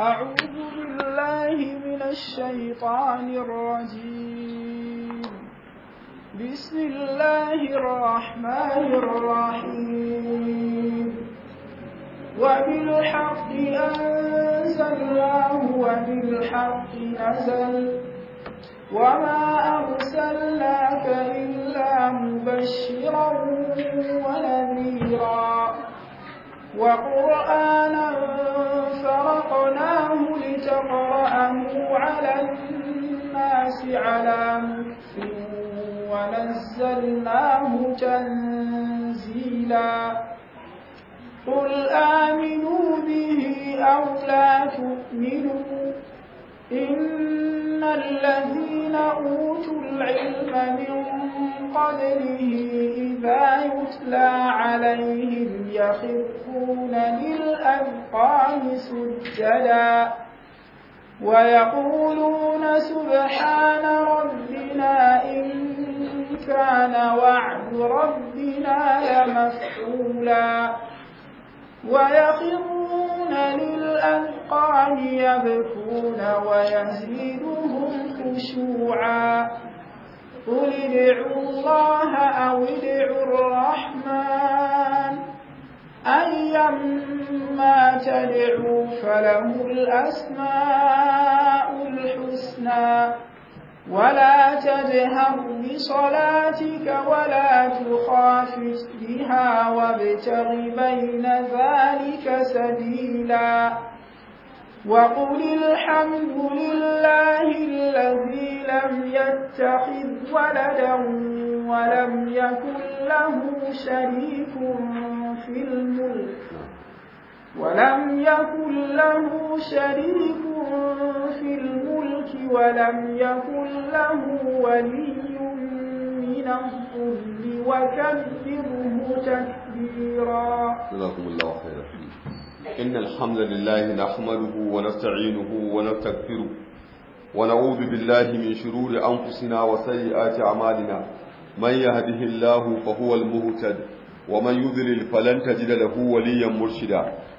أعوذ بالله من الشيطان الرجيم بسم الله الرحمن الرحيم وبالحق أنزلناه وبالحق نزل وما أرسلناك إلا مبشرا ونذيرا وقرآنا خلقناه لتقرأه على الناس على مكف ونزلناه تنزيلا قل آمنوا به أو لا تؤمنوا إن الذين أوتوا العلم من قبله إذا يتلى عليهم يخفون للأذقان سجدا ويقولون سبحان ربنا إن كان وعد ربنا لمفعولا ويخرون يخرجون للأذقان يبكون ويزيدهم خشوعا قل ادعوا الله أو ادعوا الرحمن أيما تدعوا فله الأسماء الحسنى ولا تجهر بصلاتك ولا تخافت بها وابتغ بين ذلك سبيلا وقل الحمد لله الذي لم يتخذ ولدا ولم يكن له شريك في الملك ولم يكن له شريك في الملك ولم يكن له ولي من الظل وكبره تكبيرا جزاكم الله خيرا إن الحمد لله نحمده ونستعينه ونستغفره ونعوذ بالله من شرور أنفسنا وسيئات أعمالنا من يهده الله فهو المهتد ومن يذلل فلن تجد له وليا مرشدا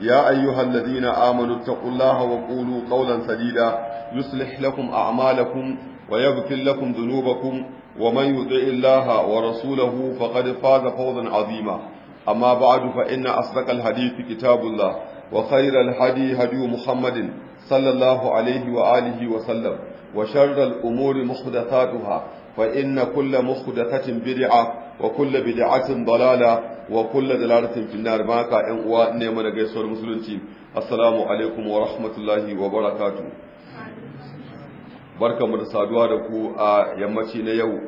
يا أيها الذين آمنوا اتقوا الله وقولوا قولا سديدا يصلح لكم أعمالكم ويغفر لكم ذنوبكم ومن يطع الله ورسوله فقد فاز فوزا عظيما أما بعد فإن أصدق الحديث كتاب الله وخير الهدي هدي محمد صلى الله عليه وآله وسلم وشر الأمور محدثاتها فإن كل محدثة بدعة وكل بدعة ضلالة wa kullu dalalatin fin nar ma ka ƴan uwa ne mana gaisuwar musulunci assalamu alaikum wa rahmatullahi wa barakatuh barkamu da saduwa da ku a yammaci na yau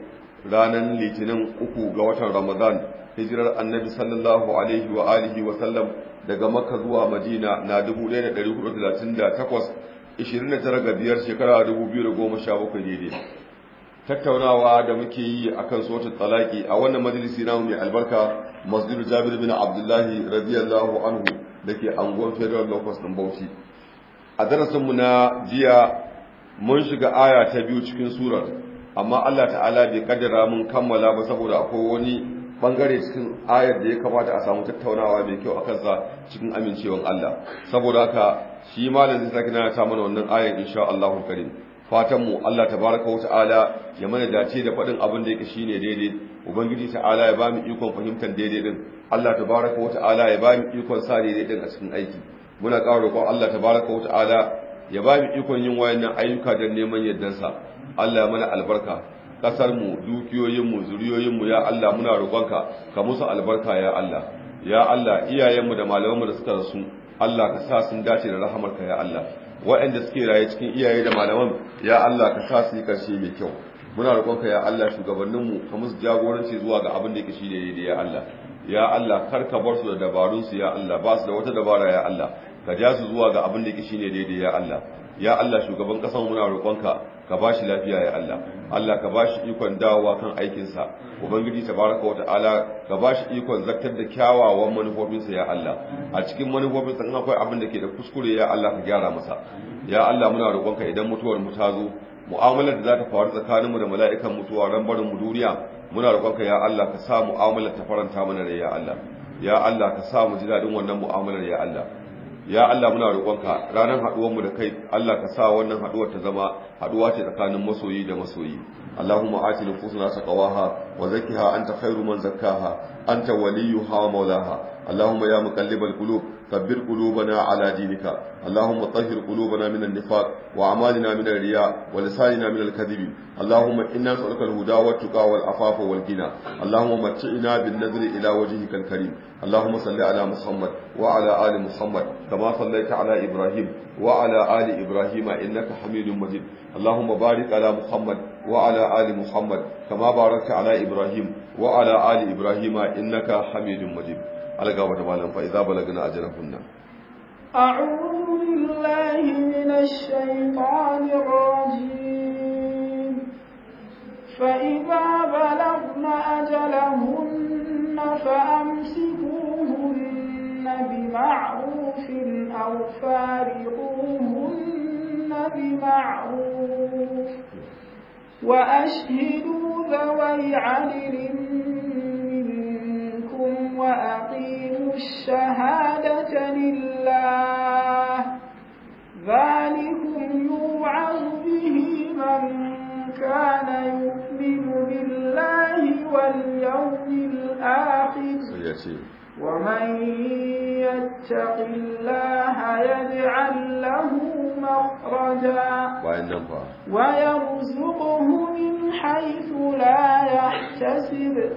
ranar litinin uku ga watan ramadan hijirar annabi sallallahu alaihi wa alihi wa sallam daga makka zuwa madina na 1438 29 ga biyar shekara 2017 daidai tattaunawa da muke yi akan suratul talaki a wannan majalisi namu mai albarka masjidu Jabir bin Abdullahi radiyallahu anhu da ke anguwar Federal Locus din Bauchi a darasin na jiya mun shiga aya ta biyu cikin surar amma Allah ta'ala bai kaddara mun kammala ba saboda akwai wani bangare cikin ayar da ya kamata a samu tattaunawa mai kyau a kansa cikin amincewan Allah saboda haka shi malam zai sake na ta mana wannan ayar insha Allahu karim fatan mu Allah tabaraka ta'ala ya mana dace da faɗin abin da yake shine daidai ubangiji ta'ala ya ba mu ikon fahimtar daidai din Allah tabaraka ta'ala ya mu ikon sa daidai din a cikin aiki muna ƙara roƙon Allah tabaraka ta'ala ya mu ikon yin wayannan ayyuka da neman yardansa Allah ya mana albarka kasar mu dukiyoyin mu zuriyoyin mu ya Allah muna roƙonka ka musu albarka ya Allah ya Allah iyayen mu da malaman mu da suka rasu Allah ka sa sun dace da rahamarka ya Allah waɗanda suke raye cikin iyaye da malaman ya Allah ka sa su yi ƙarshe mai kyau muna roƙonka ya Allah shugabanninmu ka musu jagoranci zuwa ga abin da yake shi da ya Allah ya Allah kar ka bar su da dabarunsu ya Allah ba su da wata dabara ya Allah ka ja su zuwa ga abin da yake shi ne daidai ya Allah ya Allah shugaban ƙasar muna roƙonka ka ba shi lafiya ya Allah Allah ka ba shi ikon dawowa kan aikinsa ubangiji tabaraka wa ta'ala ka ba shi ikon zartar da kyawawan manufofinsa ya Allah a cikin manufofinsa in akwai abin da ke da kuskure ya Allah ka gyara masa ya Allah muna roƙonka idan mutuwar mu ta zo mu'amalar da za ta faru tsakaninmu da mala'ikan mutuwa ran barin mu duniya muna roƙonka ya Allah ka sa mu'amalar ta faranta mana rai ya Allah ya Allah ka sa mu ji daɗin wannan mu'amalar ya Allah ya Allah muna roƙonka ranar haɗuwar mu da kai Allah ka sa wannan haɗuwar ta zama haɗuwa ce tsakanin masoyi da masoyi Allahumma ati nufusuna taqwaha wa zakkiha anta khairu man zakkaha anta waliyuha wa mawlaha Allahumma ya muqallibal qulub كبر قلوبنا على دينك اللهم طهر قلوبنا من النفاق وأعمالنا من الرياء ولساننا من الكذب اللهم إنا نسألك الهدى والتقى والعفاف والغنى اللهم متعنا بالنذر إلى وجهك الكريم اللهم صل على محمد وعلى آل محمد كما صليت على إبراهيم وعلى آل إبراهيم إنك حميد مجيد اللهم بارك على محمد وعلى آل محمد كما باركت على إبراهيم وعلى آل إبراهيم إنك حميد مجيد alga wata malam fa idza balagna ajrahunna a'udhu billahi minash shaitanir rajim fa idza لكم وأقيموا الشهادة لله ذلكم يوعظ به من كان يؤمن بالله واليوم الآخر ومن يتق الله يجعل له مخرجا ويرزقه من حيث لا يحتسب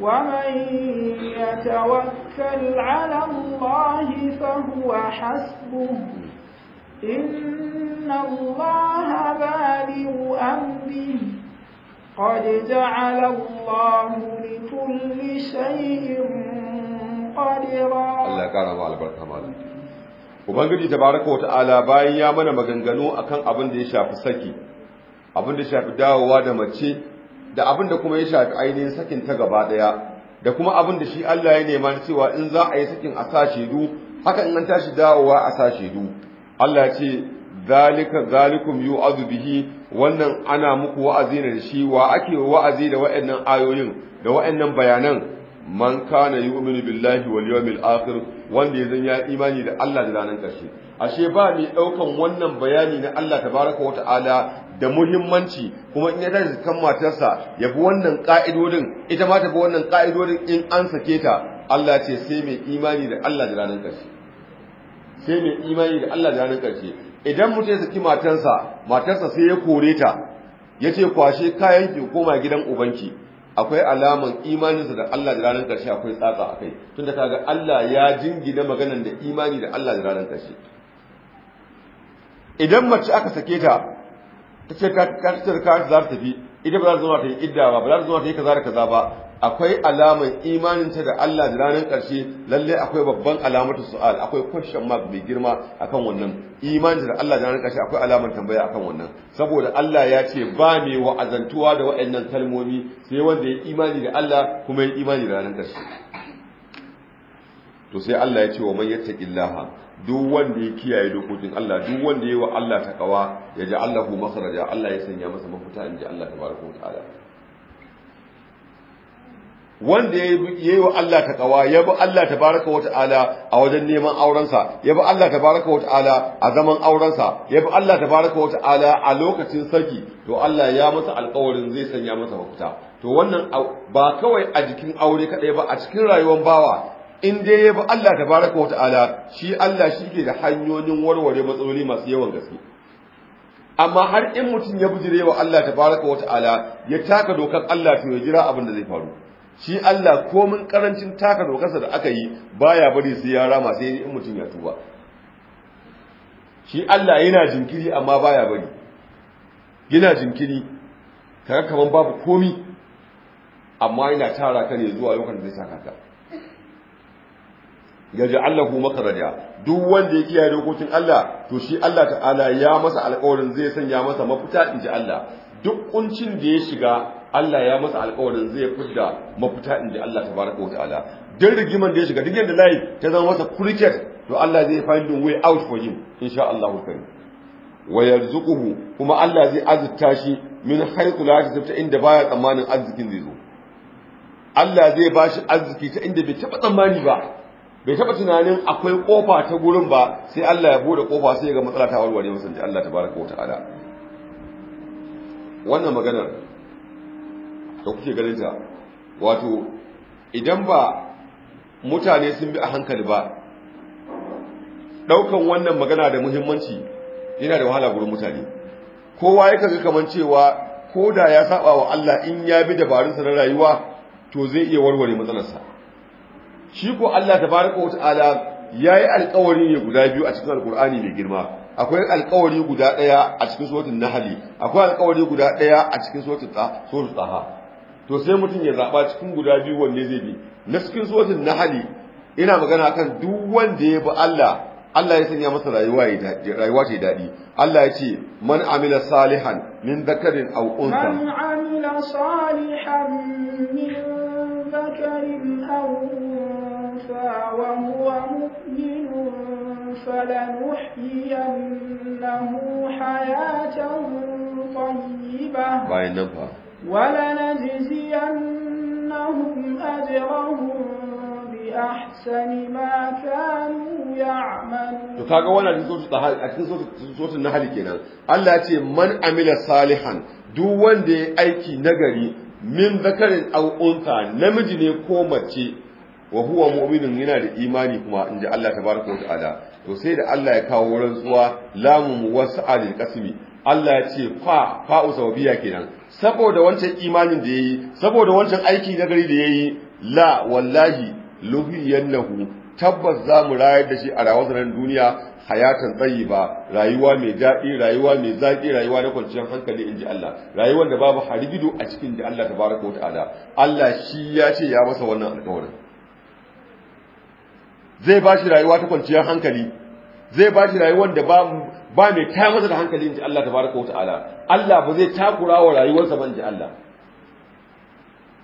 ومن يتوكل على الله فهو حسبه إن الله بالغ أمره قد جعل الله لكل شيء قدرا الله كان مع البركة مالك Ubangiji tabaraka wa ta'ala bayan ya mana maganganu akan abin da ya shafi saki abin da ya shafi dawowa da mace da abin da kuma ya shafi ainihin sakin ta gaba daya da kuma abin da shi Allah ya nema cewa in za a yi sakin a sa shaidu haka in an tashi dawowa a sa shaidu Allah ya ce zalika zalikum yu'adhu bihi wannan ana muku wa'azi ne da shi wa ake wa'azi da wa'annan ayoyin da wa'annan bayanan man kana yu'minu billahi wal yawmil akhir wanda ya zanya ya imani da Allah da ranar karshe ashe ba mai ɗaukan wannan bayani na Allah tabaraka wa ta'ala da muhimmanci kuma in ya tashi kan matarsa ya bi wannan ƙa'idodin ita ma ta bi wannan ƙa'idodin in an sake ta Allah ce sai mai imani da Allah da ranar ƙarshe sai mai imani da Allah da ranar ƙarshe idan mutum ya saki matarsa matarsa sai ya kore ta ya ce kwashe kayan ki koma gidan ubanki akwai alaman imaninsa da Allah da ranar ƙarshe akwai tsatsa akai tunda kaga Allah ya jingina maganan da imani da Allah da ranar ƙarshe idan mace aka sake ta ta ce ka ta ce za ta tafi idan ba za ta zama ta yi idda ba ba za ta zama ta yi kaza da kaza ba akwai alamar imaninta da Allah da ranar ƙarshe lalle akwai babban alamatu su'al akwai question mark mai girma akan wannan imaninta da Allah da ranar ƙarshe akwai alamar tambaya akan wannan saboda Allah ya ce ba me wa'azantuwa da waɗannan kalmomi sai wanda ya imani da Allah kuma ya imani da ranar ƙarshe to sai Allah ya ce wa man yattaqillaha duk wanda ya kiyaye dokokin Allah duk wanda ya wa Allah takawa ya ji Allahu makharaja Allah ya sanya masa mafita in ji Allah tabaraka wa ta'ala wanda ya yi wa Allah takawa ya bi Allah tabaraka wa ta'ala a wajen neman aurensa ya bi Allah tabaraka wa ta'ala a zaman aurensa ya bi Allah tabaraka wa ta'ala a lokacin sarki to Allah ya masa alƙawarin zai sanya masa mafita to wannan ba kawai a jikin aure kadai ba a cikin rayuwar bawa in dai ya bi Allah tabaraka wa ta'ala shi Allah shi ke da hanyoyin warware matsaloli masu yawan gaske amma har in mutum ya bijire wa Allah baraka wa ta'ala ya taka dokar Allah to ya jira abin da zai faru shi Allah komin karancin taka dokarsa da aka yi baya bari sai ya rama sai in mutum ya tuba shi Allah yana jinkiri amma baya bari yana jinkiri kaga kaman babu komi amma yana tara kare ne zuwa lokacin da zai saka ka ya ja'allahu makaraja duk wanda ya kiyaye dokokin Allah to shi Allah ta'ala ya masa alƙawarin zai sanya masa mafita in ji Allah duk kuncin da ya shiga Allah ya masa alƙawarin zai fidda mafita in ji Allah tabaraka wa ta'ala duk rigiman da ya shiga duk yadda layi ta zama masa cricket to Allah zai find a way out for him insha Allah ta'ala wa yarzuquhu kuma Allah zai azurta shi min haythu la yahtasib inda baya tsammanin arzikin zai zo Allah zai bashi arziki ta inda bai taba tsammani ba bai taba tunanin akwai kofa ta gurin ba sai Allah ya bude kofa sai ga matsala ta warware musu da Allah tabaraka wa ta'ala wannan maganar da kuke ganin ta wato idan ba mutane sun bi a hankali ba daukan wannan magana da muhimmanci yana da wahala gurin mutane kowa ya kaga kaman cewa ko da ya saba wa Allah in ya bi dabarun sa na rayuwa to zai iya warware matsalarsa shi ko Allah tabaraka wa ta'ala yayi alƙawari ne guda biyu a cikin alƙur'ani mai girma akwai alƙawari guda ɗaya a cikin suratul nahl akwai alƙawari guda ɗaya a cikin suratul taha to sai mutum ya zaba cikin guda biyu wanne zai bi na cikin suratul nahl ina magana kan duk wanda ya bi Allah Allah ya sanya masa rayuwa rayuwa ce daɗi Allah ya ce man amila salihan min dhakarin aw untha man amila salihan min ذكر أو أنثى وهو مؤمن فلنحيينه حياة طيبة ولنجزينهم أجرهم بأحسن ما كانوا يعملون cikin na hali kenan Allah ce man amila salihan duk wanda ya aiki nagari min zakarin au unta namiji ne ko mace wa huwa mu'minun yana da imani kuma in ji Allah tabaraka wa ta'ala to sai da Allah ya kawo rantsuwa lamu was'a alil qasmi Allah ya ce fa fa usawbiya kenan saboda wancan imanin da yayi saboda wancan aiki na gari da yayi la wallahi luhiyannahu tabbas za mu rayar da shi a rawar nan duniya hayatan tsayi ba rayuwa mai daɗi rayuwa mai zaƙi rayuwa na kwanciyar hankali in ji Allah rayuwar da babu harigido a cikin da Allah tabaraka wa ta'ala Allah shi ya ce ya masa wannan alƙawarin zai ba shi rayuwa ta kwanciyar hankali zai ba shi rayuwar da ba ba mai ta masa da hankali in ji Allah tabaraka wa ta'ala Allah ba zai takura wa rayuwarsa ba in ji Allah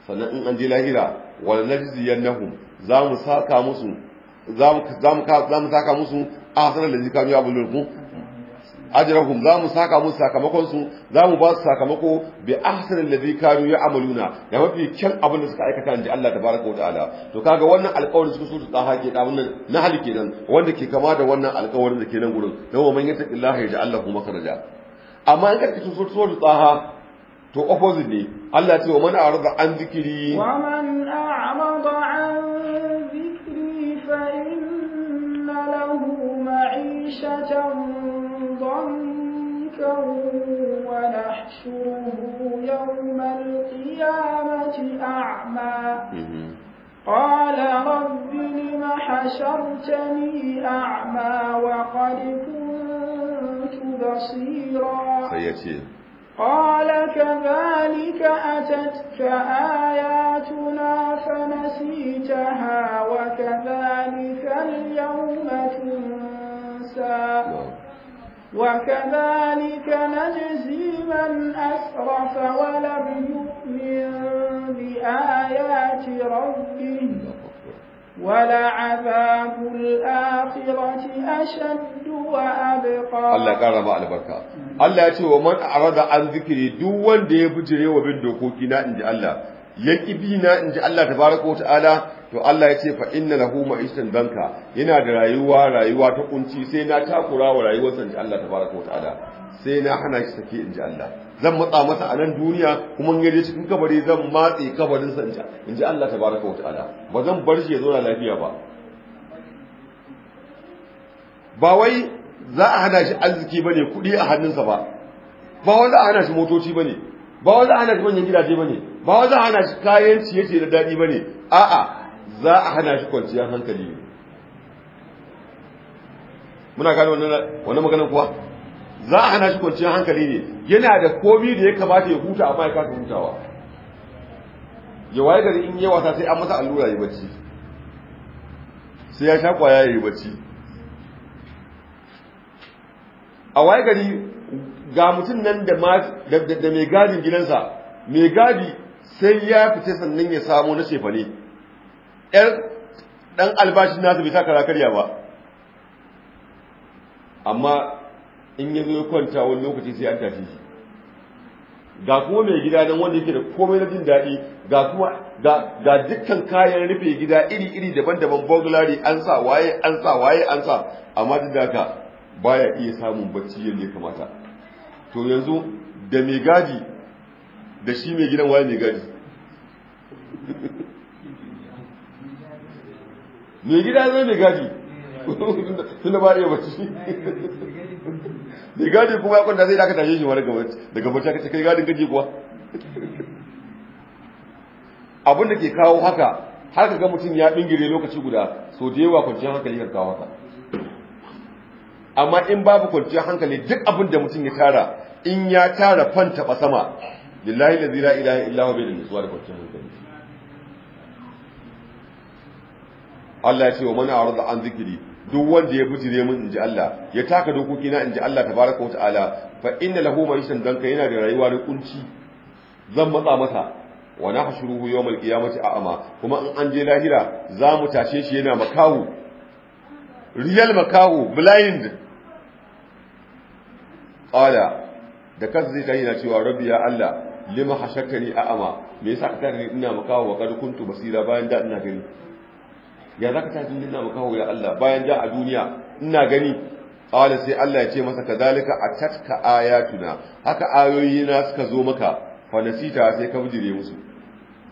sannan in an je lahira wal najziyannahum za mu saka musu za mu saka musu hasarar da zika ya bulur ku ajrahum za mu saka musu sakamakonsu? za mu ba su sakamako bi da ladhi kanu ya'maluna da mafi kyan abin da suka aikata inji Allah tabaraka da ala. to kaga wannan alƙawarin suka so su tsaha ke da wannan na hali nan wanda ke kama da wannan alƙawarin da ke nan gurin dan man da Allah kuma makhraja amma in ka so su tsaha to opposite ne Allah ce wa a rada an zikiri wa man معيشة ضنكا ونحشره يوم القيامة أعمى قال رب لم حشرتني أعمى وقد كنت بصيرا قال كذلك أتتك آياتنا فنسيتها وكذلك اليوم تنسى وكذلك نجزي من أسرف ولم يؤمن بآيات ربه ولعذاب الآخرة أشد وأبقى الله قال ما البركة الله يقول ومن أعرض عن ذكري دون دي بجري وبن دوكوكينا إن الله يكبينا إن الله تبارك وتعالى to Allah ya ce fa inna lahu ma'ishatan danka yana da rayuwa rayuwa ta kunci sai na takura wa rayuwar ji Allah tabaraka wa ta'ala sai na hana shi sake in ji Allah zan matsa masa a nan duniya kuma in yaje cikin kabari zan matse kabarin sa in ji Allah tabaraka wa ta'ala ba zan bar shi ya zo lafiya ba ba wai za a hana shi arziki bane kuɗi a hannunsa ba ba wanda a hana shi motoci bane ba wanda a hana shi manyan gidaje bane ba wanda a hana shi kayan ciye-ciye da daɗi bane a'a za a hana shi kwanciyar hankali ne muna gane wani maganar kuwa za a hana shi kwanciyar hankali ne yana da komi da ya kamata ya huta amma ya kasa hutawa ya waye gari in yi sai an masa allura ya bacci sai ya sha kwaya ya yi bacci a waye gari ga mutum nan da mai gadin gidansa mai gadi sai ya fita sannan ya samu na shefane yar ɗan albashin nasu bai sa karya ba amma in yi zo kwanta wani lokaci sai an tafi. shi ga kuma mai gida don wanda yake da komai na jin daɗi ga kuma ga dukkan kayan rufe gida iri-iri daban-daban burglary an sa waye an sa waye an sa amma duk da baya iya samun bacci yadda ya kamata to yanzu da mai gadi da shi mai gidan waye mai gadi mai gida zai mai gadi da ba iya bacci mai gadi kuma ya kwanta zai da aka tashe shi wani daga bacci aka ce gadin gaji kuwa abin da ke kawo haka har ka ga mutum ya bingire lokaci guda so da yawa kwanciyar hankali kan kawo haka amma in babu kwanciyar hankali duk abin da mutum ya tara in ya tara fanta ba sama lillahi la ilaha illa bai da nutsuwa da kwanciyar hankali Allah ya ce wa mana arda an zikiri duk wanda ya bijire mun inji Allah ya taka dokoki na inji Allah tabaraka wataala fa inna lahu ma'ishan danka yana da rayuwa da kunci zan matsa masa wa nahshuruhu yawmal qiyamati a'ama kuma in an je lahira za mu tashe shi yana makawu. real makawu, blind qala da kasa zai tayi na cewa rabbi ya Allah lima hashakani a'ama me yasa ka tare ina makahu wa kad kuntu basira bayan da ina gani ya zaka ta jin nuna maka ya Allah bayan da a duniya ina gani qala sai Allah ya ce masa kazalika kadalika tatka ayatuna haka ayoyi na suka zo maka fa nasita sai ka bijire musu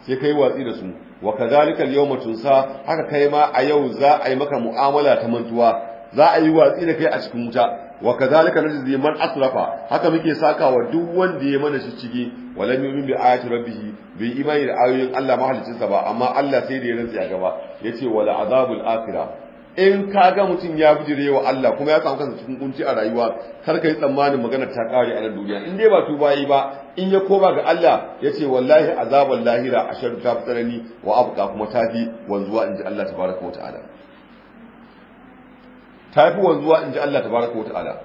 sai kai watsi da su wa kadalika al-yawma tunsa haka kai ma a yau za a yi maka mu'amala ta mantuwa za a yi watsi da kai a cikin wuta wa da najzi man asrafa haka muke saka wa duk wanda ya mana shi ciki walam yu'min bi ayati rabbih bi imani da ayoyin Allah mahallicin sa ba amma Allah sai da ya rantsa gaba yace wala azabul akhirah in ga mutum ya bijire wa Allah kuma ya samu kansa cikin kunci a rayuwa kar kai tsammanin magana ta kare a duniya in dai ba tuba yi ba in ya koma ga Allah yace wallahi azabul lahira asharu ta tsanani wa abqa kuma tafi wanzuwa inji Allah tabaraka wa ta'ala ta fi wanzuwa in ji Allah baraka wata ala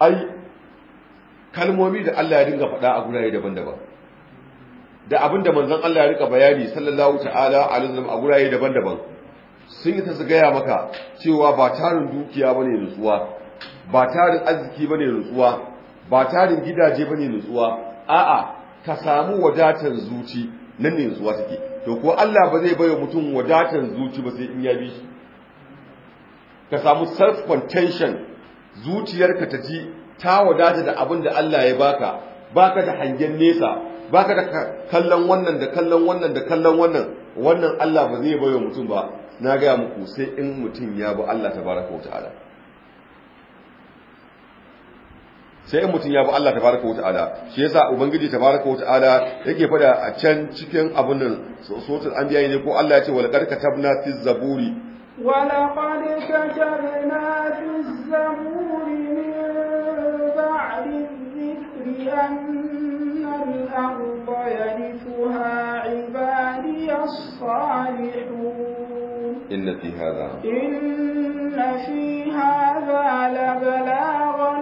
ai kalmomi da Allah ya dinga faɗa a gurare daban-daban da abin da manzon Allah ya rika bayani sallallahu ta'ala a lullum a gurare daban-daban sun yi ta su gaya maka cewa ba tarin dukiya ba ne nutsuwa ba tarin arziki ne nutsuwa ba tarin gidaje ba ne nutsuwa a'a ka samu wadatar zuci nan ne nutsuwa take to ko Allah ba zai wa mutum wadatar zuci ba sai in ya bi shi ka samu self contention zuciyarka ta ji ta wadata da abin da Allah ya baka baka da hangen nesa baka da kallon wannan da kallon wannan da kallon wannan wannan Allah ba zai bayo mutum ba na gaya muku sai in mutum ya bi Allah tabaraka wa ta'ala sai in mutum ya bi Allah tabaraka wa ta'ala shi yasa ubangiji tabaraka wa ta'ala yake fada a can cikin abin nan sotul anbiya ne ko Allah ya ce wal qad katabna fi zaburi ولقد كتبنا في الزبور من بعد الذكر أن الأرض يرثها عبادي الصالحون إن في هذا إن في هذا لبلاغا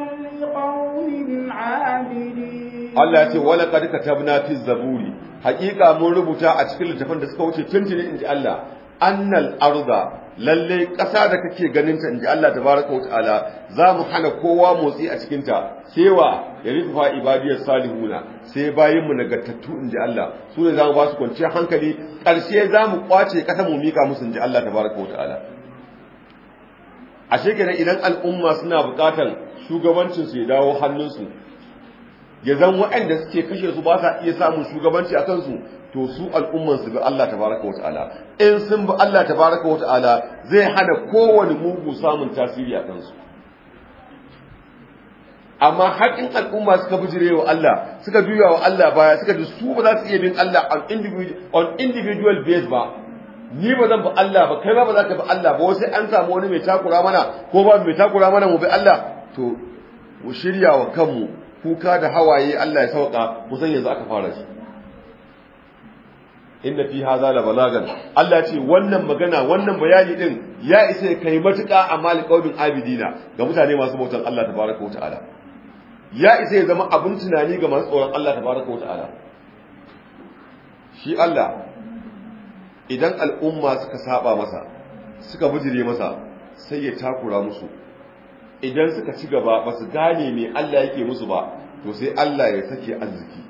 لقوم عابدين Allah ce wala qad katabna fi zaburi hakika mun rubuta a cikin littafin da suka wuce tuntuni inji Allah annal arza. Lallai ƙasa da kake ganin ta inji Allah tabaraka wa ta'ala za mu hana kowa motsi a cikin ta cewa ya rufa ibadiyar salihuna sai bayin mu nagartattu inji Allah su ne za mu ba su kwanciyar hankali ƙarshe za mu kwace ƙasa mu mika musu inji Allah tabaraka wa ta'ala a shekarun idan al'umma suna buƙatar shugabancin su ya dawo hannunsu ya zan waɗanda suke kashe su ba sa iya samun shugabanci a kansu to su al'umman su bi Allah tabaraka wata'ala in sun bi Allah tabaraka wata'ala zai hana kowane mugu samun tasiri a kansu amma haƙin al'umma suka bijire wa Allah suka juya wa Allah baya suka ji su ba za su iya bin Allah on individual base ba ni ba zan bi Allah ba kai ba ba za ka bi Allah ba wasu an samu wani mai takura mana ko ba mai takura mana mu bi Allah to mu shirya wa kanmu kuka da hawaye Allah ya sauka mu yanzu aka fara shi inna fi hadha la balagan Allah ce wannan magana wannan bayani din ya isa kai matuƙa a malikawin abidina ga mutane masu bautan Allah tabaraka wa ta'ala ya isa ya zama abin tunani ga masu tsoron Allah tabaraka wa ta'ala shi Allah idan al'umma suka saba masa suka bijire masa sai ya takura musu idan suka ci gaba ba su gane me Allah yake musu ba to sai Allah ya sake arziki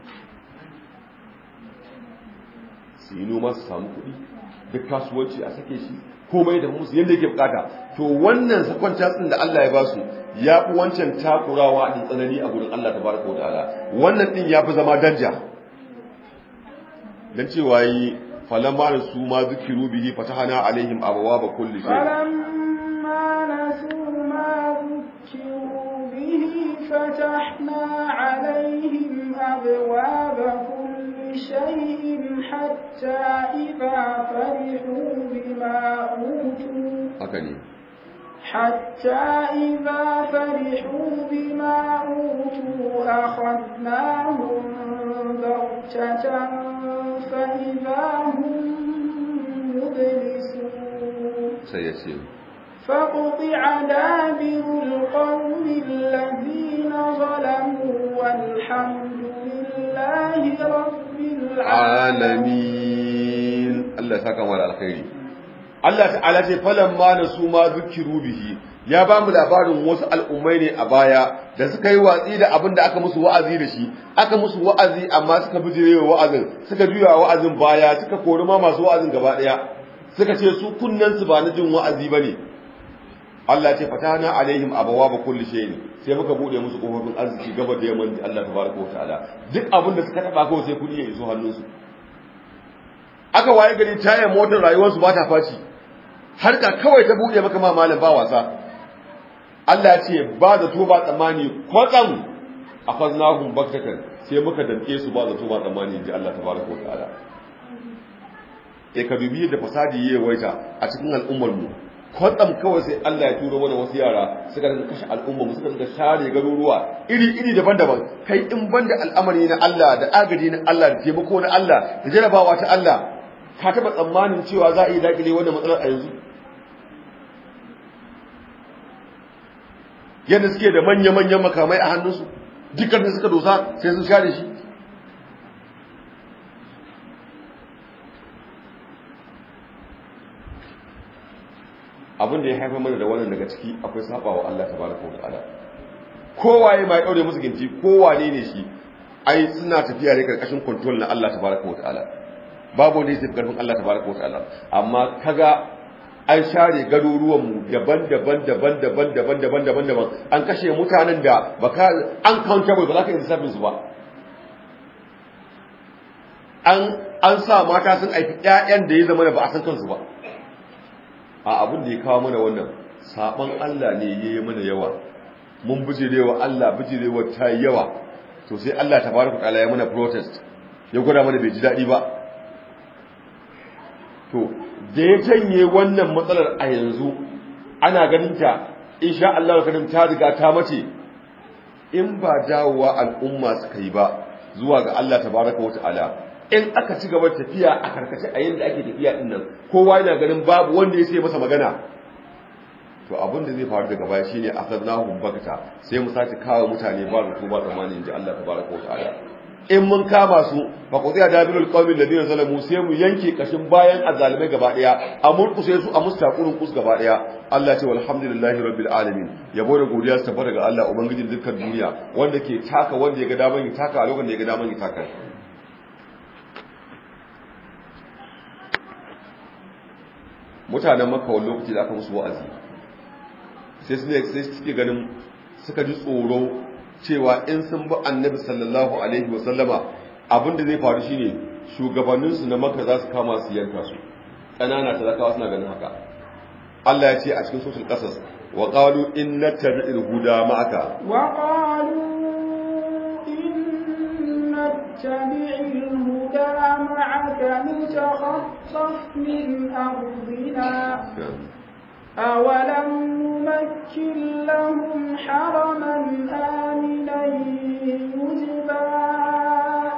su yi noma su samu kuɗi duk kasuwanci a sake shi komai da musu yadda yake bukata to wannan sakon tatsin da Allah ya ba su ya fi wancan takurawa a tsanani a gurin Allah ta tabaraka wa ta'ala wannan din ya fi zama danja dan cewa yi falamma da su ma zikiru bihi hana alaihim abawa ba kulli shi falamma nasu ma zikiru حتى إذا فرحوا بما أوتوا حتى إذا فرحوا بما أوتوا أخذناهم بغتة فإذا هم مبلسون سيسير فقطع دابر القوم الذين ظلموا والحمد alamin Allah saka mara alkhairi Allah ta'ala ce falan ma na su ma zikiru bihi ya ba mu labarin wasu al'ummai ne a baya da suka yi watsi da abin da aka musu wa'azi da shi aka musu wa'azi amma suka bijire wa wa'azin suka juya wa'azin baya suka kori ma masu wa'azin gaba daya suka ce su kunnen su ba na jin wa'azi bane Allah ce fatana alaihim ba kulli shay'in sai muka bude musu kofofin arziki gaba da yaman Allah tabaraka wa ta'ala duk abin da suka taba ko sai kudi ya iso hannun su. aka waye gari tayar motar rayuwarsu ba ta faci harka kawai ta buɗe maka ma malam ba wasa Allah ya ce ba da tuba tsammani kwatsam afaznahum baktatan sai muka danke su ba da tuba tsammani inji Allah tabaraka wa ta'ala e ka bibi da fasadi yayi waita a cikin al'ummar mu kwatsam kawai sai Allah ya turo wani wasu yara suka rinka kashe al'umma mu suka rinka share garuruwa iri iri daban-daban kai in banda al'amari na Allah da agadi na Allah da taimako na Allah da jarabawa ta Allah ka taba tsammanin cewa za a yi daƙile wannan matsalar a yanzu yadda suke da manya-manyan makamai a hannunsu dukkan da suka dosa sai sun sha da shi abin da ya haifar mana da wannan daga ciki akwai wa Allah tabaraka wa ta'ala kowaye mai daure musu ginci kowa ne shi ai suna tafiya ne karkashin kontrol na Allah baraka wa ta'ala babu ne zai garbin Allah tabaraka wataala amma kaga an share garuruwan mu daban-daban daban-daban daban-daban daban-daban an kashe mutanen da baka an countable ba za ka yi lissafin su ba an an sa mata sun aiki ƴaƴan da ya zama da ba a san kansu ba a abin da ya kawo mana wannan saban Allah ne ya yi mana yawa mun bijirewa Allah bijirewa ta yawa to sai Allah tabaraka wataala ya mana protest ya gwada mana bai ji daɗi ba to da ya sanye wannan matsalar a yanzu ana ganin ta sha Allah karim ta riga ta mace in ba dawowa al'umma suka yi ba zuwa ga Allah Ta baraka wa ta'ala in aka ci gaba tafiya a karkace a yadda ake tafiya din nan kowa yana ganin babu wanda ya sai masa magana to abin da zai faru daga baya shine akhadnahum bakta sai mu sace kawo mutane ba rutu ba tsammanin ji Allah baraka wa ta'ala in mun kama su ba ku tsaya dabirul qaumin ladina zalamu sai mu yanke kashin bayan azalimai gaba daya a murkushe su a musu takurin kus gaba daya Allah ce walhamdulillahi rabbil alamin yabo da godiya su ga Allah ubangijin dukkan duniya wanda ke taka wanda ya ga daman ya taka a lokacin da ya ga daman ya taka mutanen makka wani lokaci da aka musu wa'azi sai su ne sai suke ganin suka ji tsoro cewa in sun bi annabi sallallahu alaihi wasallama abin da zai faru shine shugabanninsu na maka za su kama su yanka su ƙanana talakawa suna ganin haka Allah ya ce a cikin sosin ƙasas wa ƙalu in na tabi'il huda ma'aka wa ƙalu in na tabi'il huda ma'aka ni ta min ardina أولم نمكن لهم حرما آمنا يجبى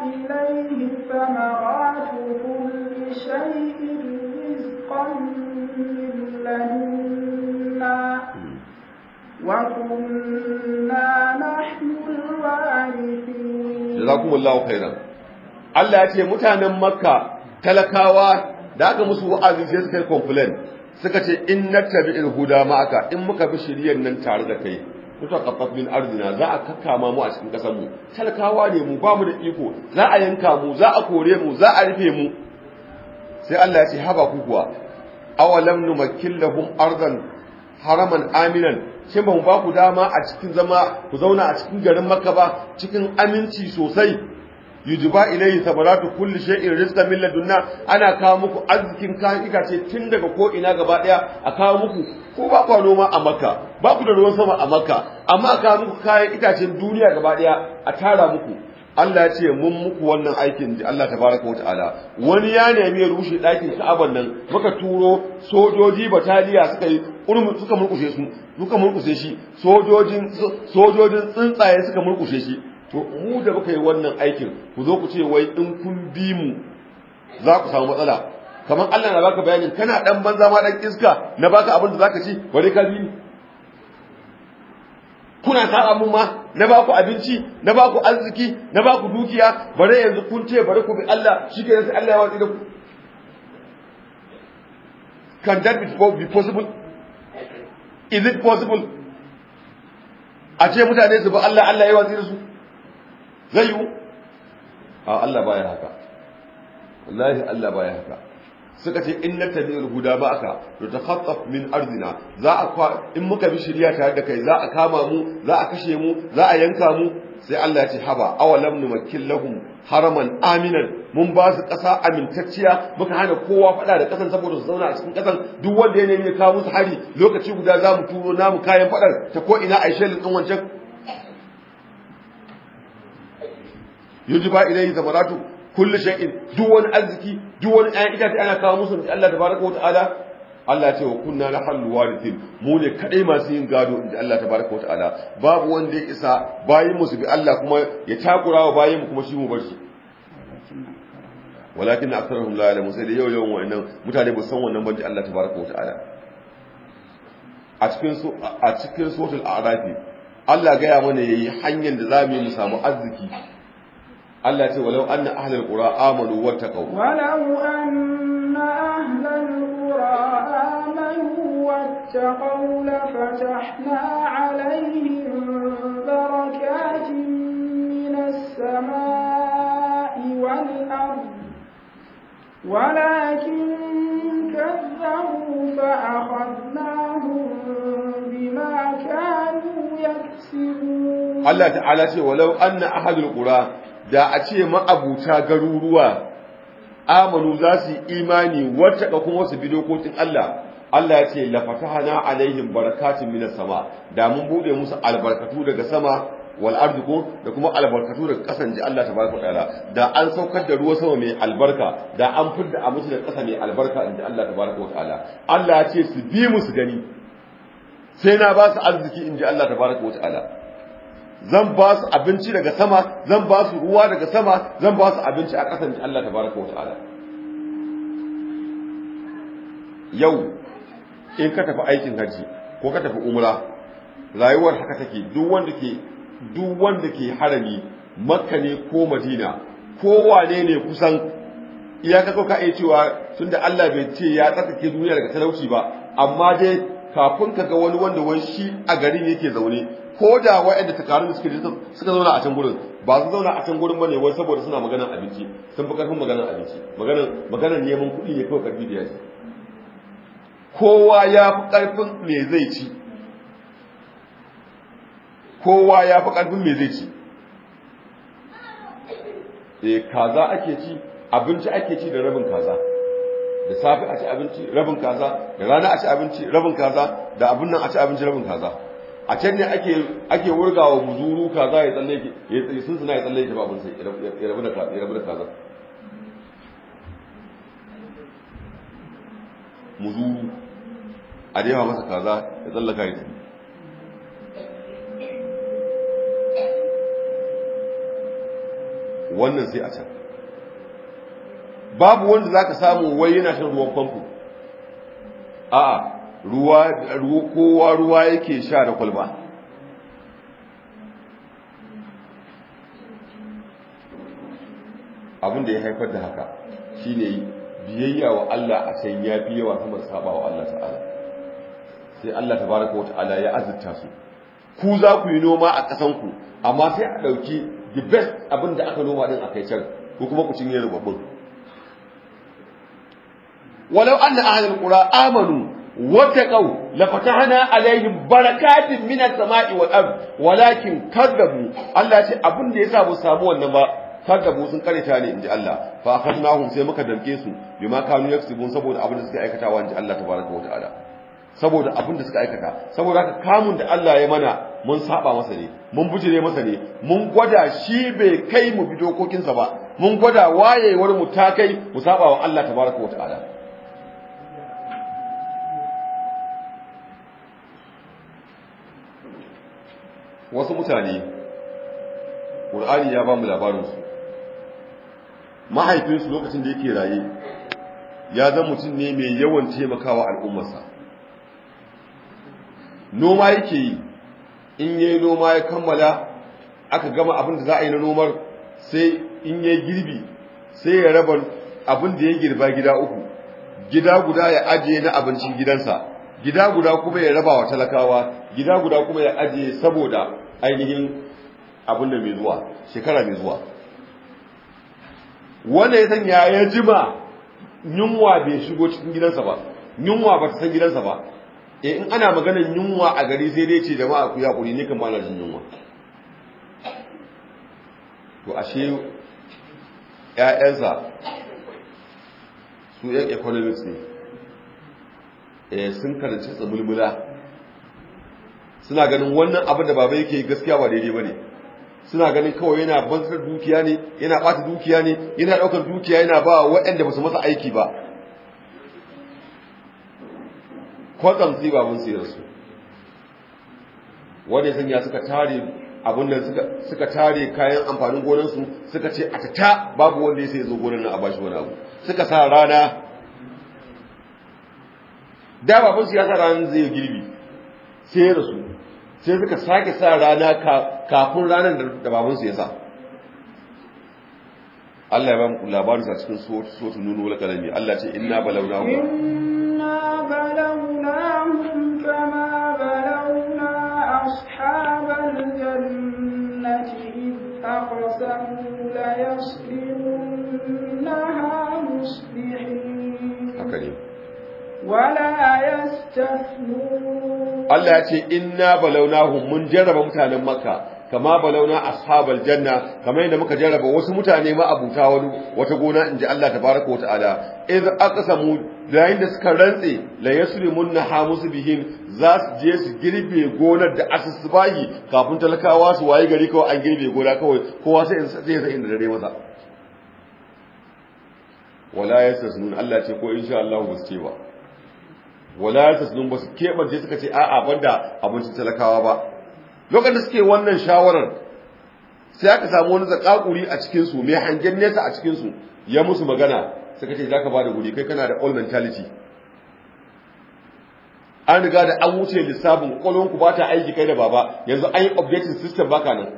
إليه ثمرات كل شيء رزقا من وكنا نحن الوارثين جزاكم الله خيرا Allah ya ce mutanen Makka talakawa da aka musu wa'azi sai suka yi complain suka ce in na in huda ma'aka in muka bi shiriyar nan tare da kai kafaf min arzina za a kakkama mu a cikin kasar mu ne mu ba mu da iko za a yanka mu za a kore mu za a rufe mu sai Allah ya ce haba ku kuwa awalam numakkil lahum ardan haraman aminan shin ba mu ba ku dama a cikin zama ku zauna a cikin garin Makka ba cikin aminci sosai yujba ilayhi samaratu kulli shay'in rizqan min ladunna ana kawo muku arzikin kayan itace tun daga ko ina gaba daya a kawo muku ko ba ku noma a makka ba ku da ruwan sama a makka amma a kawo muku kayan itacen duniya gaba daya a tara muku Allah ya ce mun muku wannan aikin da Allah tabaraka wataala wani ya nemi ya rushe ɗakin Ka'aban nan muka turo sojoji bataliya suka yi suka murkushe su suka murkushe shi sojojin sojojin tsuntsaye suka murkushe shi to mu da muka yi wannan aikin ku zo ku ce wai in kun bi mu za ku samu matsala kamar Allah na baka bayanin kana dan banza ma dan iska na baka abin da zaka ci bare ka bi ni kuna ta mun ma na baku abinci na baku arziki na baku dukiya bare yanzu kun ce bare ku bi Allah shike sai Allah ya watsi da ku can that be possible is it possible a ce mutane su ba Allah Allah ya watsi da su zai yi a Allah baya haka wallahi Allah baya haka suka ce in natabi'ul guda ba aka tutakhattaf min arzina za a kwa in muka bi shirya tare da kai za a kama mu za a kashe mu za a yanka mu sai Allah ya ce haba awalam numakkil lahum haraman aminan mun ba su ƙasa amintacciya muka hana kowa faɗa da ƙasan saboda su zauna a cikin ƙasan duk wanda ya nemi ya kawo musu hari lokaci guda za mu turo namu kayan faɗar ta ko ina a yi wancan ba ilayhi zamaratu kullu shay'in duk wani arziki duk wani ayan itace ana kawo musu da Allah tabaraka wa ta'ala Allah ce wa kunna la halu warithin mu ne kadai masu yin gado inda Allah tabaraka wa ta'ala babu wanda ya isa bayin musu bi Allah kuma ya takura wa bayin mu kuma shi mu bar shi walakin aktharuhum la ya'lamu sai da yau yawan wannan mutane ba san wannan banda Allah tabaraka wa ta'ala a cikin su a cikin suratul a'raf Allah gaya mana yayi hanyar da za mu yi mu samu arziki Allah ce walau anna ahlul qura amanu wa taqaw walau anna ahlul qura amanu wa taqaw la fatahna alaihim barakatin minas samai wal ard ولكن كذبوا فأخذناهم بما كانوا Allah الله تعالى walau anna ahlul qura da a ce ma'abuta garuruwa amanu za su yi imani wata ka kuma su bi dokokin Allah Allah ya ce la hana alaihim barakatun minas sama da mun bude musu albarkatu daga sama wal ardi da kuma albarkatu daga kasan ji Allah tabaraka taala da an saukar da ruwa sama mai albarka da an fidda a musu da kasa mai albarka inda Allah tabaraka taala Allah ya ce su bi musu gani sai na ba su arziki inji Allah tabaraka taala zan ba su abinci daga sama zan ba su ruwa daga sama zan ba su abinci a ƙasar Allah tabaraka wata'ala yau in ka tafi aikin haji ko ka tafi umra rayuwar haka take duk wanda ke duk wanda ke harami makka ne ko madina ko wane ne kusan iyaka ka iya cewa tunda Allah bai ce ya tsaka ke duniya daga talauci ba amma dai kafin ka ga wani wanda wai shi a garin yake zaune ko da waɗanda takarun da suke suka zauna a can gurin ba su zauna a can gurin bane wai saboda suna maganar abinci sun fi karfin maganar abinci maganar neman kuɗi ne kawai karfi da yaji kowa ya fi karfin me zai ci kowa ya fi karfin me zai ci eh kaza ake ci abinci ake ci da rabin kaza da safe a ci abinci rabin kaza da rana a ci abinci rabin kaza da abin nan a ci abinci rabin kaza a can ne ake ake wurgawa buzuru kaza ya tsalle ya sun suna ya tsalle ya babun sai ya rabu da ya rabu da kaza muzuru a dai masa kaza ya tsallaka ya tafi wannan sai a can babu wanda za ka samu wai yana shan ruwan famfo a'a ruwa kowa ruwa yake sha da kwalba abin da ya haifar da haka shine biyayya wa Allah a can ya fi yawa kuma saba wa Allah ta'ala sai Allah tabaraka wa ta'ala ya azurta su ku za ku yi noma a kasanku? amma sai a ɗauki the best abinda aka noma din a kai can ko kuma ku cinye rubabbun walau anna ahlul qura amanu واتقوا لفتحنا عليهم بركات من السماء والارض ولكن كذبوا الله ce abin da yasa ba samu wannan ba kadabu sun karita ne inji Allah fa akhadnahum sai muka damke su bima kanu yaksubun saboda abin da suka aikata wa inji Allah tabaraka wa ta'ala saboda abin da suka aikata saboda haka kamun da Allah ya mana mun saba masa ne mun bujire masa ne mun gwada shi bai kai mu bi dokokinsa ba mun gwada wayewar mu ta kai mu saba wa Allah tabaraka wa ta'ala wasu mutane ƙur'ani ya ba mu su. mahaifinsu lokacin da yake raye ya zan mutum ne mai yawan taimakawa al'ummarsa noma yake yi in yi noma ya kammala aka gama abin da za a yi na nomar sai in yi girbi sai ya raba abin da ya girba gida uku gida guda ya ajiye na abincin gidansa gida guda kuma ya raba talakawa gida guda kuma ya ajiye saboda ainihin abin da mai zuwa shekara mai zuwa wanda ya sanya ya jima yunwa bai shigo cikin gidansa ba yunwa ba ta san gidansa ba e in ana maganar yunwa a gari sai dai ce jama'a ku ya kuri ni mana jin yunwa to ashe yayansa su yan economics ne Eh, sun karanci tsumulmula suna ganin wannan abin da baba yake gaskiya ba daidai ba ne. suna ganin kawai yana bantar dukiya ne yana bata dukiya ne yana daukar dukiya yana ba waɗanda ba su masa aiki ba kwatsam sai siyar su. rasu wanda sanya suka tare abin da suka tare kayan amfanin gonansu suka ce a ta babu wanda ya sai zo gonan nan a bashi wani abu suka sa rana da baban su ranar zai girbi sai ya rasu sai suka sake sa rana kafin ranar da baban su ya sa Allah ya ba mu labarin sa cikin sotu nunu wal kalami Allah ce inna balawna inna balawnahum kama balawna ashabal jannati id aqsamu la Allah ya ce inna balauna mun jarraba mutanen Makka kama balauna ashabal janna kama yadda muka jarraba wasu mutane ma abuta wani wata gona in ji Allah tabaraka wa ta'ala iz aqsamu yayin da suka rantse la hamu su bihin, za su je su girbe gonar da bayi kafin talakawa su waye gari kawai an girbe gona kawai kowa sai sai sai inda dare masa wala ya sunan Allah ce ko insha Allah ba su ce ba wala tasnun ba su keɓance suka ce a'a da abincin talakawa ba lokacin da suke wannan shawarar sai aka samu wani zakakuri a cikinsu mai hangen nesa a cikinsu ya musu magana suka ce za ka ba da guri kai kana da all mentality an riga da an wuce lissafin ku ba ta aiki kai da baba yanzu an yi updating system baka nan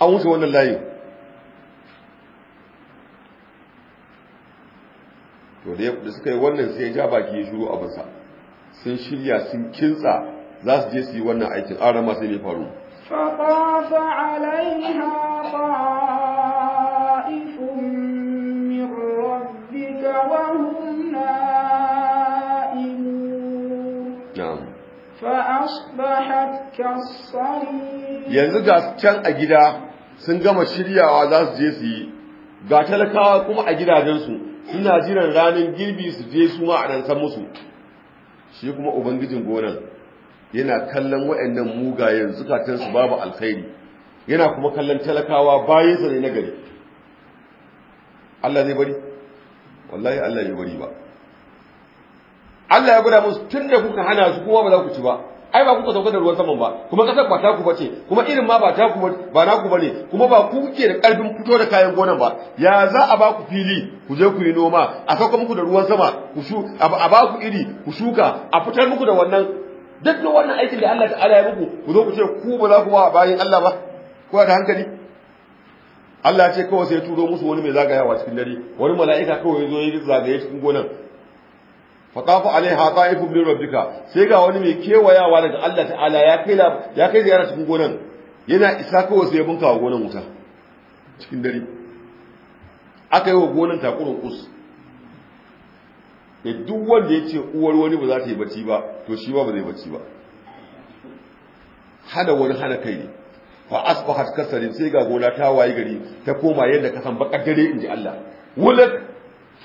an wuce wannan layin to da suka yi wannan sai ja baki ya shiru abinsa sun shirya sun kintsa za su je su yi wannan aikin an rama sai ne faru yanzu ga can a gida sun gama shiryawa za su je su yi ga talakawa kuma a gidajensu suna jiran ranar girbi su je su ma a musu shi kuma ubangijin gonan yana kallon waɗannan mugayen su babu alkhairi yana kuma kallon talakawa sa ne na gari Allah zai bari wallahi Allah ya bari ba Allah ya gwada musu tun da kuka hana su kuma ba za ku ci ba ai ba ku sauka da ruwan saman ba kuma kasar ba taku bace kuma irin ma ba taku ba naku bane kuma ba ku kuke da karfin fito da kayan gona ba ya za a ba ku fili ku je ku yi noma a sauka muku da ruwan sama ku shu a ba ku iri ku shuka a fitar muku da wannan duk da wannan aikin da Allah ta'ala ya muku ku zo ku ce ku ba za ku ba bayin Allah ba ku da hankali Allah ce kawai sai ya turo musu wani mai zagayawa cikin dare wani mala'ika kawai ya zo ya zagaye cikin gonan faqafu alaiha ifu min rabbika sai ga wani mai kewayawa daga Allah ta'ala ya kai ya kai ziyara cikin gonan yana isa kawai sai ya bunka wa gonan wuta cikin dare aka yi wa gonan takurin kus da duk wanda ya ce uwar wani ba za ta yi bacci ba to shi ba ba zai bacci ba hada wani hana kai ne fa asbahat kasarin sai ga gona ta wayi gari ta koma yadda ka san bakar dare inji Allah wulak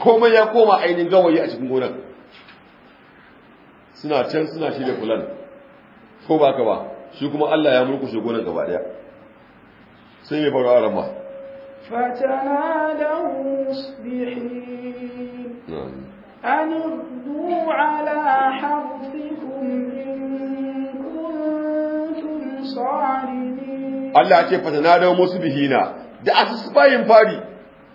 komai ya koma ainihin gawayi a cikin gonan. suna can suna shirya fulan ko ba ka ba shi kuma Allah ya murkushe gonan gaba daya sai ya faru a rama فتنادوا مصبحين أن اغدوا على حرثكم إن كنتم صارمين الله ce musbihina da bayin fari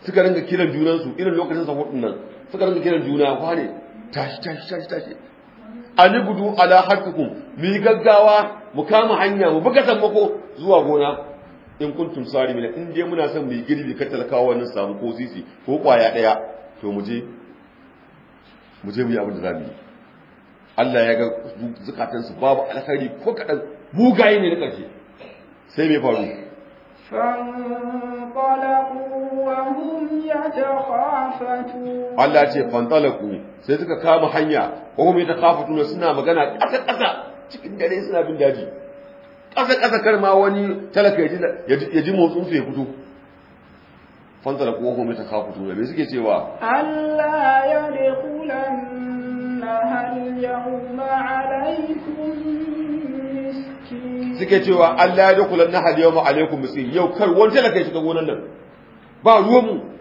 suka ringa kiran junansu irin lokacin sa hudun nan suka ringa kiran juna wane tashi tashi tashi tashi Ani gudu ala haqqikum mu gaggawa mu kama hanya mu buga sammako zuwa gona in kuntum salimina in dai muna son mu girbi ka talakawa wannan samu ko sisi ko kwaya daya to mu je mu yi abin da zamu yi Allah ya ga zukatansu babu alkhairi ko kadan mugaye ne na karshe sai me faru Allah ce fantalaku sai suka kama hanya kuma ta kafatuna suna magana ƙasa ƙasa cikin dare suna bin daji ƙasa ƙasa kar ma wani talaka ya ji motsin su ya fito fantalaku kuma ta kafatuna me suke cewa Allah ya suke cewa Allah ya dakulan na hal yawma alaikum miskin yau kar wani talaka ya shiga gonan nan ba ruwanmu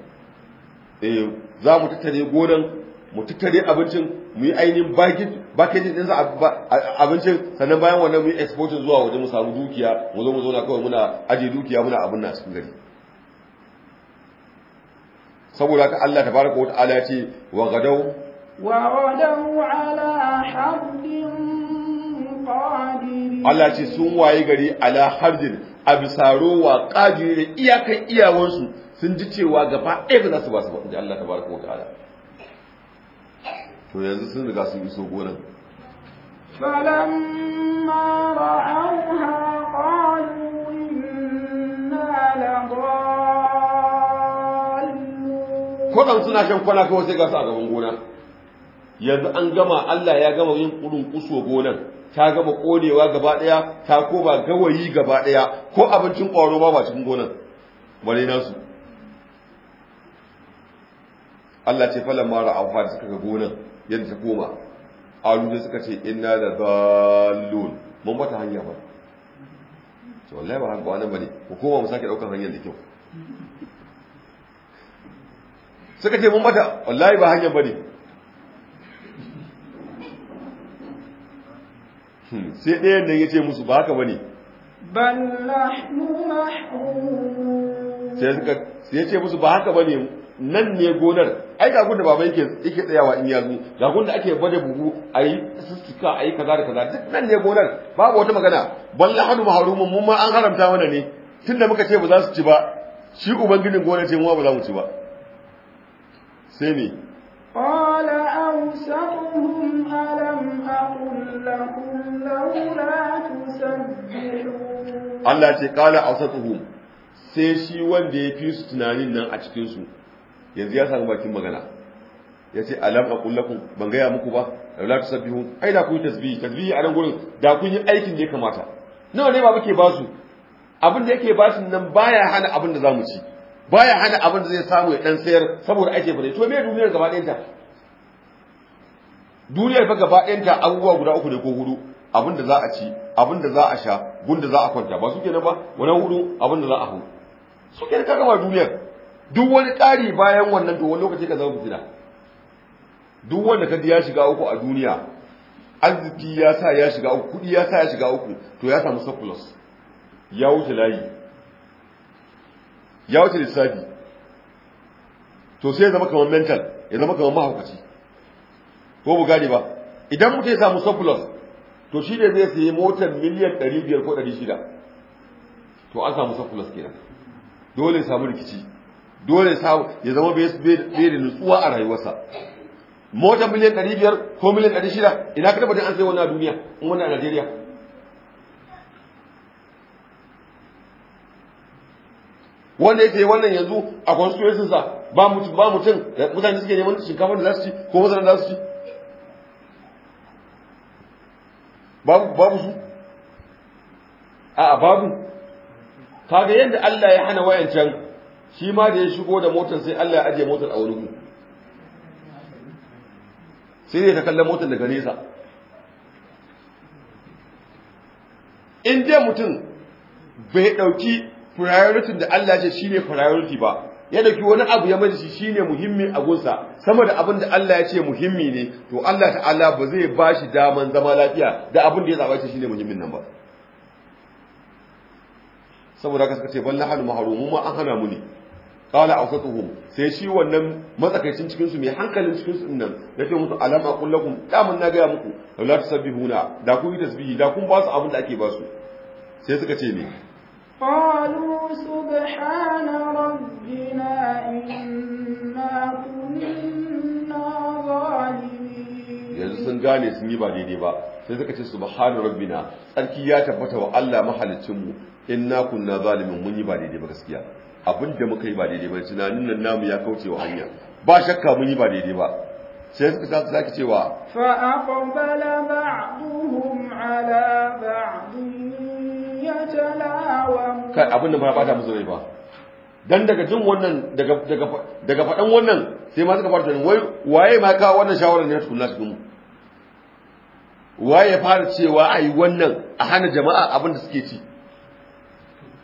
Eh, za mu tattare gonan mu tattare abincin mu yi ainihin bakejin ɗinsa abincin sannan bayan wannan mu yi exporting zuwa waje mu samu dukiya mu zo mu zauna kawai muna ajiye dukiya muna abin na cikin gari saboda ka Allah tabaraka wa ta'ala ya ce wa gadau wa gadau ala haddin qadir Allah ce sun waye gari ala haddin abisaro wa qadir iyakan iyawansu sun ji cewa gaba ɗaya ba za su ba su ba Allah ta tabaraka wa ta'ala to yanzu sun riga sun iso gonan فلما رأوها قالوا إنا ko dan suna shan kwana kawai sai ga su a gaban gona yanzu an gama Allah ya gama yin kurun kuso gonan ta gama kodewa gaba daya ta koba gawayi gaba daya ko abincin ƙwaro ba ba cikin gonan bare nasu Allah ce falan mara da suka ga gonan yadda ta koma a da suka ce ina da zallun mun bata hanya ba to wallahi ba hanga wani bane ku koma mu sake daukar hanyar da kyau suka ce mun bata wallahi ba hanyar bane hmm, sai ɗayan nan ya ce musu ba haka bane Ban nahnu mahrum sai suka sai ya ce musu ba haka bane nan ne gonar ai ga gunda baba yake yake tsayawa in ya zo ga gunda ake bada bugu ai sussuka ai kaza da kaza duk nan ne gonar babu wata magana balla hadu maharumun mun ma an haramta mana ne tunda muka ce ba za su ci ba shi ubangijin gonar ce mu ba za mu ci ba sai ne qala awsahum alam aqul lakum laula tusabbihun Allah ce qala awsatuhum sai shi wanda ya fi su tunanin nan a cikinsu yanzu ya samu bakin magana ya ce alam a kullakun ban gaya muku ba laula ta sabbihu ai da kun tasbihi tasbihi a nan gurin da kun yi aikin da ya kamata nawa ne ba muke ba su abin da yake ba su nan baya hana abin da zamu ci baya hana abin da zai samu ya dan sayar saboda ake fare to me duniyar gaba ɗayanta duniyar fa gaba ɗayanta abubuwa guda uku ne ko hudu abin da za a ci abin da za a sha gun da za a kwanta ba su kenan ba wani hudu abin da za a hu su kenan ka gama duniyar duk wani ƙari bayan wannan to wani lokaci ka zama fitina duk wanda ka ya shiga uku a duniya arziki ya sa ya shiga uku kuɗi ya sa ya shiga uku to ya samu surplus ya wuce layi ya wuce lissafi to sai ya zama kamar mental ya zama kamar mahaukaci ko bu gane ba idan mutum ya samu surplus to shi ne zai sayi motar miliyan 500 ko 600 to an samu surplus kenan dole ya samu rikici dole sa ya zama bai da nutsuwa a rayuwarsa motar miliyan 500 ko miliyan 600 ina ka tabbatar an sai wannan duniya in wannan Najeriya wanda yake wannan yanzu a constituency ba mutum ba mutum da mutane suke neman shinkafa da za su ci ko wasu da za su ci babu su a'a babu kaga yadda Allah ya hana wayancan shi ma da ya shigo da motar sai Allah ya ajiye motar a wurin sai ne ta kallon motar daga nesa in dai mutum bai ɗauki priority da Allah ce shi ne priority ba ya dauki wani abu ya mace shi ne muhimmi a gunsa sama da abin da Allah ya ce muhimmi ne to Allah ta'ala ba zai ba shi daman zama lafiya da abin da ya zaba ce shi ne muhimmin nan ba saboda haka suka ce balla halu ma an hana mu ne qala awsatuhum sai shi wannan matsakaicin cikin su mai hankalin cikin su nan yace musu alama aqul lakum damun na gaya muku la tusabbihuna da ku yi tasbihi da kun ba su abin da ake ba su sai suka ce ne قالوا سبحان ربنا إنا كنا ظالمين yanzu sun gane sun yi ba daidai ba sai suka ce subhana rabbina tsarki ya tabbata wa Allah mahaliccin mu inna kunna zalimin mun yi ba daidai ba gaskiya abin da muka yi ba daidai ba tunanin nan namu ya kauce wa hanya ba shakka mun yi ba daidai ba sai suka sa zaki cewa fa aqbala ba'duhum ala ba'din yatalawam kai abin da ba bata musu rai ba dan daga jin wannan daga daga daga fadan wannan sai ma suka fara wai waye ma ka wannan shawaran ne tukunna su mu waye ya fara cewa ai wannan a hana jama'a abin da suke ci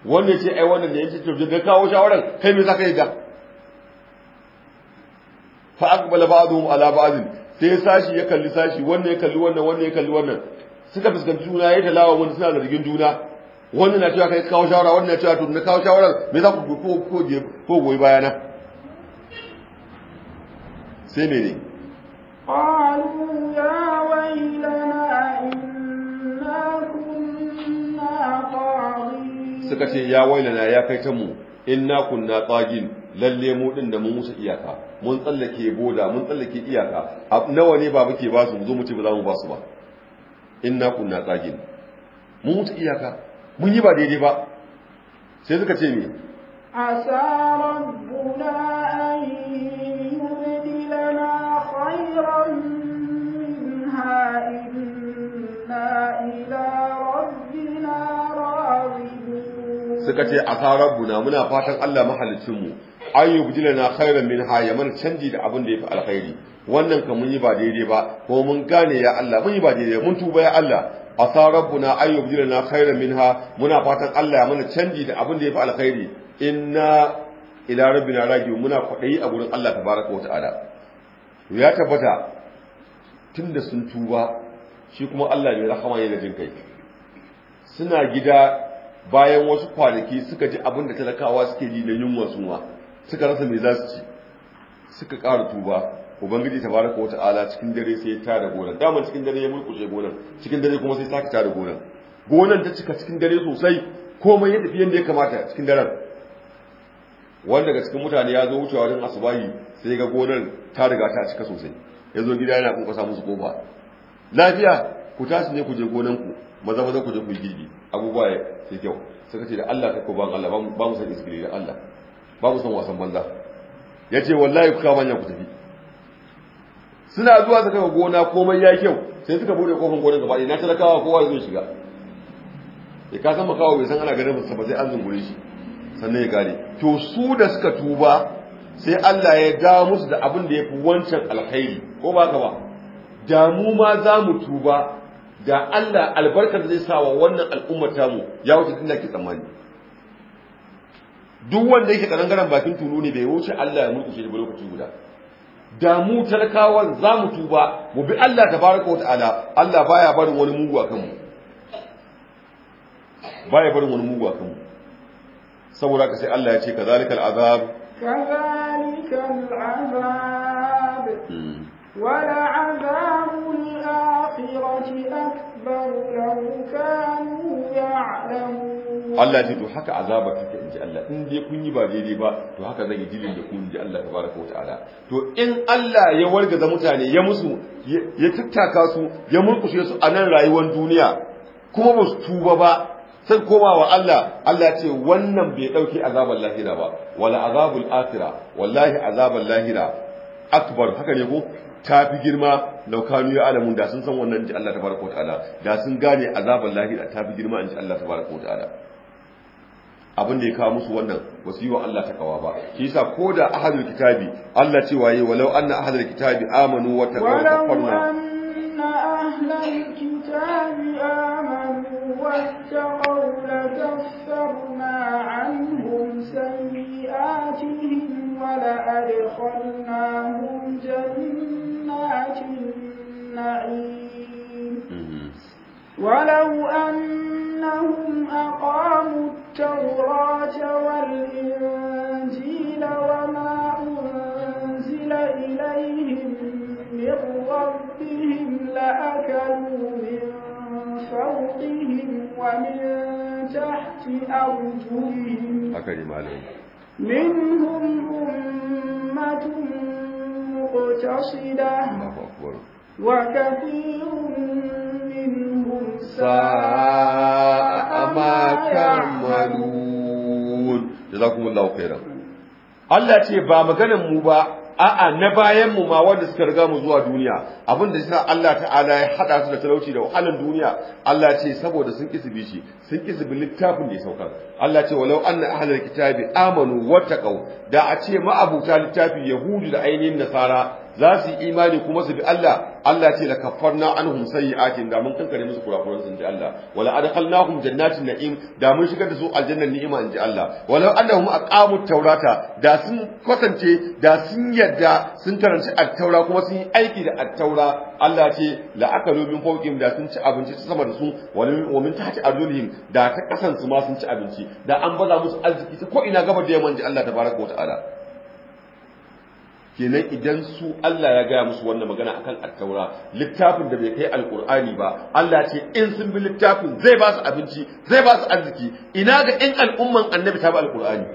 wanda ce ai wannan da yake to da kawo shawaran kai me zaka yi da fa aqbala ba'dhum ala ba'd sai sashi ya kalli sashi wanda ya kalli wannan wanda ya kalli wannan suka fuskanci juna ya talawa wanda suna zargin juna wannan na cewa kai kawo shawara wannan na cewa to na kawo shawaran me za ku ko ko ko goyi bayana sai me ne qalu ya wailana inna kunna suka ce ya wailana ya kai ta mu inna kunna tsagin lalle mu din da mun musu iyaka mun tsallake boda mun tsallake iyaka nawa ne ba muke ba su zo mu ce ba za mu ba su ba inna kunna tsagin mun musu iyaka mun yi ba daidai ba sai suka ce me asa rabbuna an yubdilana khayran minha inna ila rabbina suka ce a na muna fatan Allah mahalicin mu ayyubdila na khairan min ya mana canji da abin da yafi alkhairi wannan kan mun yi ba daidai ba ko mun gane ya Allah mun yi ba daidai mun tuba ya Allah asa rabbuna ayyubdila na khairan minha muna fatan Allah ya mana canji da abin da yafi alkhairi inna ila rabbina raji'un muna kwadayi a gurin Allah tabaraka wata'ala ya tabbata tunda sun tuba shi kuma Allah ne rahama ya da jinkai suna gida bayan wasu kwanaki suka ji abin da talakawa suke yi da yunwa ma, suka rasa mai za su ci suka ƙara tuba ubangiji ta baraka wata ala cikin dare sai ya tara gonan daman cikin dare ya mulkushe gonan cikin dare kuma sai sake tara gonan gonan ta cika cikin dare sosai komai ya tafi yadda ya kamata cikin daren wanda daga cikin mutane ya zo wucewa wajen asubahi sai ga gonar ta riga ta cika sosai ya gida yana kuka musu kofa lafiya ku tashi ne ku je ku maza maza ku je ku girbi abubuwa sai kyau ka ce da Allah ta ko ban Allah ba mu san iskiri da Allah ba mu san wasan banza ya ce wallahi ku kawo manyan ku tafi suna zuwa suka ga gona komai ya kyau sai suka bude kofin gonar gaba ina talakawa kowa zai shiga ya ka san makawa bai san ana ganin ba sai an zungure shi sannan ya gane to su da suka tuba sai Allah ya ga musu da abin da ya fi wancan alkhairi ko ba ka ba Damu ma za mu tuba Da Allah albarkar zai sa wa wannan al'ummar tamu ya wuce tunda ke tsammani duk wanda yake karangaren bakin tulu ne bai wuce Allah ya shi da lokaci guda da mu talakawan za mu tuba mu bi Allah tabaraka wa ta'ala Allah baya barin wani mugu a kanmu baya barin wani mugu a kanmu saboda ka sai Allah ya ce kazalikal azab kazalikal azab hmm. ولعذاب الآخرة أكبر لو كانوا يعلمون Allah ce to haka azabar take inji Allah in dai kun yi ba daidai ba to haka zai jilin da kun inji Allah tabaraka wa ta'ala to in Allah ya wargaza mutane ya musu ya tattaka su ya murkushe su a nan rayuwar duniya kuma ba su tuba ba sai koma wa Allah Allah ce wannan bai dauke azabar lahira ba wala azabul akhira wallahi azabul lahira akbar haka ne ko ta fi girma laukanu ya alamun da sun san wannan ji Allah ta kota ala, da sun gane azabar da ta fi girma ji Allah ta tabaraka ala. abin da ya kawo musu wannan ba su yi wa Allah takawa ba shi yasa ko da ahadul kitabi Allah cewa yi walau anna ahadul kitabi amanu wa taqaw fa منهم أمة مقتصدة وكثير منهم ساء ما يعملون جزاكم الله خيرا الله ce ba maganan mu a'a na bayan mu ma wanda suka riga mu zuwa duniya abin da yasa Allah ta'ala ya hada su da talauci da wahalan duniya Allah ce saboda sun kisibi shi sun kisibi littafin da ya sauka. Allah ce walau anna ahlal kitabi amanu taqaw da a ce ma abuta littafi yahudu da ainihin nasara za su yi imani kuma su bi Allah Allah ce la kaffarna anhum sayyi'atin da mun kankare musu kurakuran sun ji Allah wala adkhalnahum jannatin na'im da mun shigar da su aljannan ni'ima in ji Allah wala annahum aqamu tawrata da sun kwatance da sun yadda sun taranci at-taura kuma sun yi aiki da at-taura Allah ce la akalu min fawqihim da sun ci abinci ta sama da su wa min tahti arjulihim da ta kasan su ma sun ci abinci da an baza musu arziki ko ina gaba da yaman ji Allah tabaraka wa ta'ala kenan idan su Allah ya gaya musu wannan magana akan attaura littafin da bai kai alkur'ani ba Allah ce in sun bi littafin zai ba su abinci zai ba su arziki ina ga in al'umman annabi ta bi alkur'ani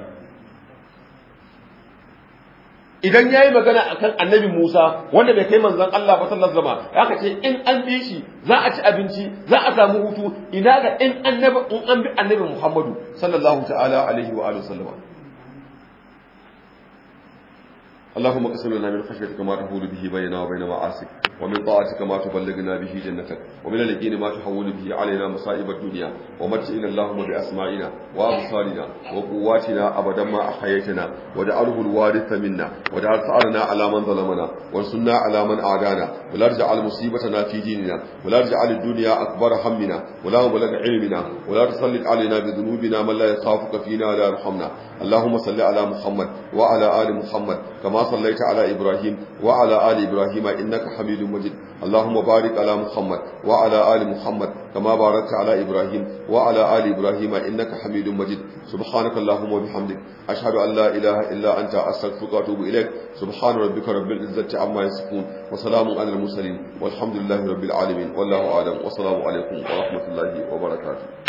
idan yayi magana akan annabi Musa wanda bai kai manzon Allah ba sallallahu alaihi wasallam haka ce in an bi shi za a ci abinci za a samu hutu ina ga in annabi in an bi annabi Muhammadu sallallahu ta'ala alaihi wa alihi wasallam اللهم اقسم لنا من خشيتك ما تحول به بيننا وبين معاصيك ومن طاعتك ما تبلغنا به جنتك ومن اليقين ما تحول به علينا مصائب الدنيا ومتعنا اللهم بأسماعنا وأبصارنا وقواتنا أبدا ما أحييتنا واجعله الوارث منا واجعل ثأرنا على من ظلمنا وانصرنا على من أعدانا ولا تجعل مصيبتنا في ديننا ولا تجعل الدنيا أكبر همنا ولا مبلغ علمنا ولا تسلط علينا بذنوبنا من لا يخافك فينا ولا يرحمنا اللهم صل على محمد وعلى آل محمد كما صليت على إبراهيم وعلى آل إبراهيم إنك حميد مجيد اللهم بارك على محمد وعلى آل محمد كما باركت على إبراهيم وعلى آل إبراهيم إنك حميد مجيد سبحانك اللهم وبحمدك أشهد أن لا إله إلا أنت أستغفرك وأتوب إليك سبحان ربك رب العزة عما يصفون وسلام على المرسلين والحمد لله رب العالمين والله أعلم والسلام عليكم ورحمة الله وبركاته